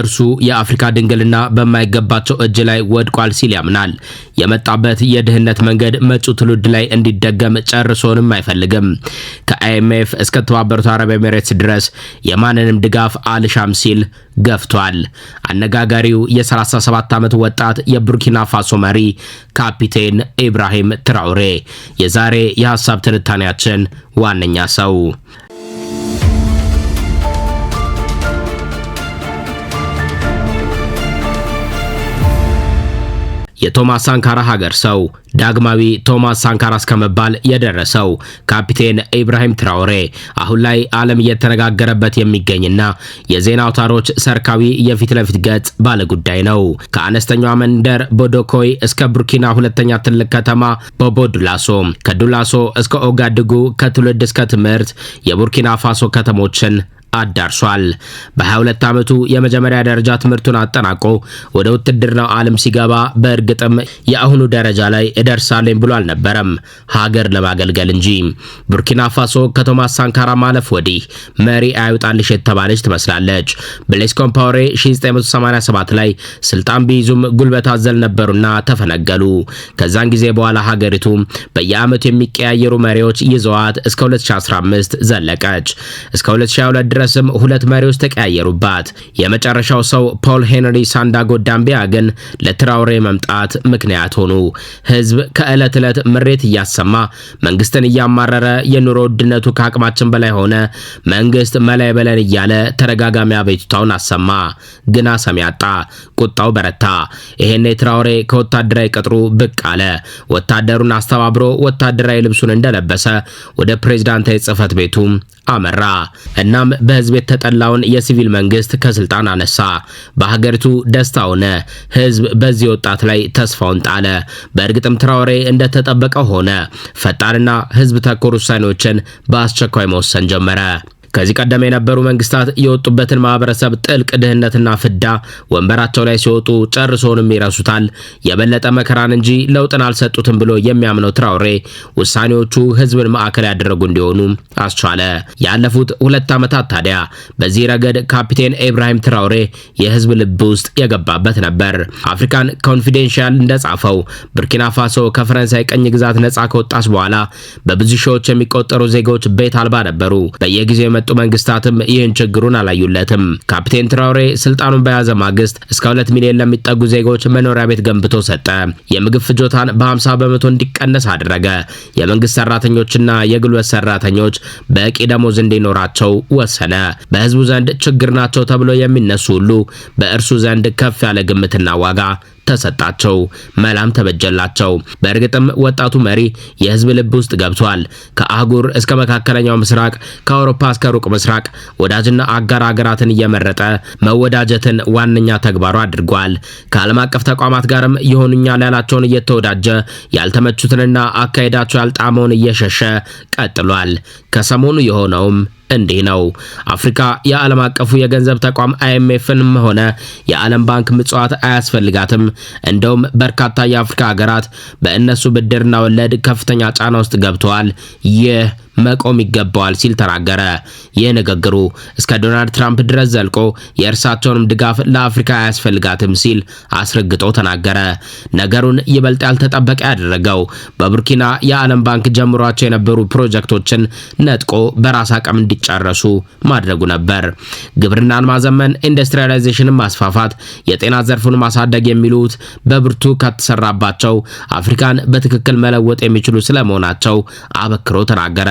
እርሱ የአፍሪካ ድንግልና በማይገባቸው እጅ ላይ ወድቋል ሲል ያምናል። የመጣበት የድህነት መንገድ መጪው ትውልድ ላይ እንዲደገም ጨርሶንም አይፈልግም። ከአይኤምኤፍ እስከ ተባበሩት አረብ ኤሜሬትስ ድረስ የማንንም ድጋፍ አልሻም ሲል ገፍቷል። አነጋጋሪው የ37 ዓመት ወጣት የቡርኪና ፋሶ መሪ ካፒቴን ኢብራሂም ትራውሬ የዛሬ የሐሳብ ትንታኔያችን ዋነኛ ሰው የቶማስ ሳንካራ ሀገር ሰው ዳግማዊ ቶማስ ሳንካራ እስከመባል የደረሰው ካፒቴን ኢብራሂም ትራውሬ አሁን ላይ ዓለም እየተነጋገረበት የሚገኝና የዜና አውታሮች ሰርካዊ የፊት ለፊት ገጽ ባለጉዳይ ነው። ከአነስተኛዋ መንደር ቦዶኮይ እስከ ቡርኪና ሁለተኛ ትልቅ ከተማ ቦቦ ዱላሶ፣ ከዱላሶ እስከ ኦጋድጉ፣ ከትውልድ እስከ ትምህርት የቡርኪና ፋሶ ከተሞችን አዳርሷል። በ22 ዓመቱ የመጀመሪያ ደረጃ ትምህርቱን አጠናቆ ወደ ውትድርናው ዓለም ሲገባ በእርግጥም የአሁኑ ደረጃ ላይ እደርሳለኝ ብሎ አልነበረም ሀገር ለማገልገል እንጂ። ቡርኪና ፋሶ ከቶማስ ሳንካራ ማለፍ ወዲህ መሪ አይውጣልሽ የተባለች ትመስላለች። ብሌስ ኮምፓውሬ 1987 ላይ ስልጣን ቢይዙም ጉልበት አዘል ነበሩና ተፈነገሉ። ከዛን ጊዜ በኋላ ሀገሪቱ በየዓመቱ የሚቀያየሩ መሪዎች ይዘዋት እስከ 2015 ዘለቀች። እስከ 2022 ድረስም ሁለት መሪዎች ተቀያየሩባት። የመጨረሻው ሰው ፖል ሄንሪ ሳንዳጎ ዳምቢያ ግን ለትራውሬ መምጣት ምክንያት ሆኑ። ህዝብ ከዕለት ዕለት ምሬት እያሰማ መንግስትን እያማረረ የኑሮ ውድነቱ ከአቅማችን በላይ ሆነ፣ መንግስት መላይ በለን እያለ ተደጋጋሚ አቤቱታውን አሰማ። ግና ሰሚ አጣ። ቁጣው በረታ። ይሄኔ ትራውሬ ከወታደራዊ ቅጥሩ ብቅ አለ። ወታደሩን አስተባብሮ ወታደራዊ ልብሱን እንደለበሰ ወደ ፕሬዝዳንታዊ ጽህፈት ቤቱ አመራ። እናም በህዝብ የተጠላውን የሲቪል መንግስት ከስልጣን አነሳ። በሀገሪቱ ደስታ ሆነ። ህዝብ በዚህ ወጣት ላይ ተስፋውን ጣለ። በእርግጥም ትራኦሬ እንደተጠበቀ ሆነ። ፈጣንና ህዝብ ተኮር ውሳኔዎችን በአስቸኳይ መወሰን ጀመረ። ከዚህ ቀደም የነበሩ መንግስታት የወጡበትን ማህበረሰብ ጥልቅ ድህነትና ፍዳ ወንበራቸው ላይ ሲወጡ ጨርሶንም ይረሱታል። የበለጠ መከራን እንጂ ለውጥን አልሰጡትም ብሎ የሚያምነው ትራውሬ ውሳኔዎቹ ህዝብን ማዕከል ያደረጉ እንዲሆኑ አስቻለ። ያለፉት ሁለት ዓመታት ታዲያ በዚህ ረገድ ካፒቴን ኢብራሂም ትራውሬ የህዝብ ልብ ውስጥ የገባበት ነበር። አፍሪካን ኮንፊዴንሻል እንደጻፈው ቡርኪና ፋሶ ከፈረንሳይ ቀኝ ግዛት ነጻ ከወጣች በኋላ በብዙ ሺዎች የሚቆጠሩ ዜጎች ቤት አልባ ነበሩ። በየጊዜው የመጡ መንግስታትም ይህን ችግሩን አላዩለትም። ካፕቴን ትራውሬ ስልጣኑን በያዘ ማግስት እስከ ሁለት ሚሊዮን ለሚጠጉ ዜጎች መኖሪያ ቤት ገንብቶ ሰጠ። የምግብ ፍጆታን በ50 በመቶ እንዲቀነስ አደረገ። የመንግስት ሰራተኞችና የጉልበት ሰራተኞች በቂ ደሞዝ እንዲኖራቸው ወሰነ። በህዝቡ ዘንድ ችግር ናቸው ተብሎ የሚነሱ ሁሉ በእርሱ ዘንድ ከፍ ያለ ግምትና ዋጋ ተሰጣቸው፣ መላም ተበጀላቸው። በእርግጥም ወጣቱ መሪ የህዝብ ልብ ውስጥ ገብቷል። ከአህጉር እስከ መካከለኛው ምስራቅ፣ ከአውሮፓ እስከ ሩቅ ምስራቅ ወዳጅና አጋር ሀገራትን እየመረጠ መወዳጀትን ዋነኛ ተግባሩ አድርጓል። ከዓለም አቀፍ ተቋማት ጋርም ይሆኑኛል ያላቸውን እየተወዳጀ ያልተመቹትንና አካሄዳቸው ያልጣመውን እየሸሸ ቀጥሏል። ከሰሞኑ የሆነውም እንዲህ ነው። አፍሪካ የዓለም አቀፉ የገንዘብ ተቋም አይኤምኤፍንም ሆነ የዓለም ባንክ ምጽዋት አያስፈልጋትም። እንደውም በርካታ የአፍሪካ ሀገራት በእነሱ ብድርና ወለድ ከፍተኛ ጫና ውስጥ ገብተዋል። ይህ መቆም ይገባዋል ሲል ተናገረ። ይህ ንግግሩ እስከ ዶናልድ ትራምፕ ድረስ ዘልቆ የእርሳቸውንም ድጋፍ ለአፍሪካ አያስፈልጋትም ሲል አስረግጦ ተናገረ። ነገሩን ይበልጥ ያልተጠበቀ ያደረገው በቡርኪና የዓለም ባንክ ጀምሯቸው የነበሩ ፕሮጀክቶችን ነጥቆ በራስ አቅም እንዲጨረሱ ማድረጉ ነበር። ግብርናን ማዘመን፣ ኢንዱስትሪያላይዜሽንን ማስፋፋት፣ የጤና ዘርፉን ማሳደግ የሚሉት በብርቱ ከተሰራባቸው አፍሪካን በትክክል መለወጥ የሚችሉ ስለመሆናቸው አበክሮ ተናገረ።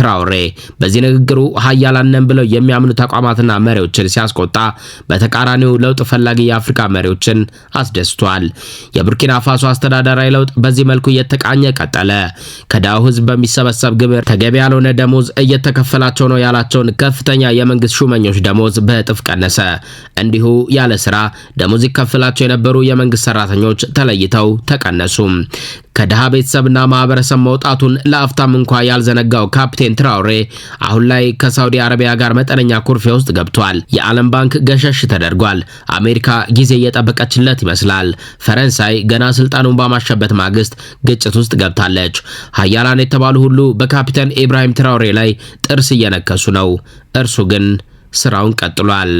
ትራውሬ በዚህ ንግግሩ ሀያላን ነን ብለው የሚያምኑ ተቋማትና መሪዎችን ሲያስቆጣ፣ በተቃራኒው ለውጥ ፈላጊ የአፍሪካ መሪዎችን አስደስቷል። የቡርኪና ፋሶ አስተዳደራዊ ለውጥ በዚህ መልኩ እየተቃኘ ቀጠለ። ከዳው ህዝብ በሚሰበሰብ ግብር ተገቢ ያልሆነ ደሞዝ እየተከፈላቸው ነው ያላቸውን ከፍተኛ የመንግስት ሹመኞች ደሞዝ በእጥፍ ቀነሰ። እንዲሁ ያለ ስራ ደሞዝ ይከፈላቸው የነበሩ የመንግስት ሰራተኞች ተለይተው ተቀነሱ። ከድሃ ቤተሰብና ማህበረሰብ መውጣቱን ለአፍታም እንኳ ያልዘነጋው ካፕቴን ሁሴን ትራውሬ አሁን ላይ ከሳውዲ አረቢያ ጋር መጠነኛ ኩርፊያ ውስጥ ገብቷል። የዓለም ባንክ ገሸሽ ተደርጓል። አሜሪካ ጊዜ እየጠበቀችለት ይመስላል። ፈረንሳይ ገና ስልጣኑን ባማሸበት ማግስት ግጭት ውስጥ ገብታለች። ሀያላን የተባሉ ሁሉ በካፒተን ኢብራሂም ትራውሬ ላይ ጥርስ እየነከሱ ነው። እርሱ ግን ስራውን ቀጥሏል።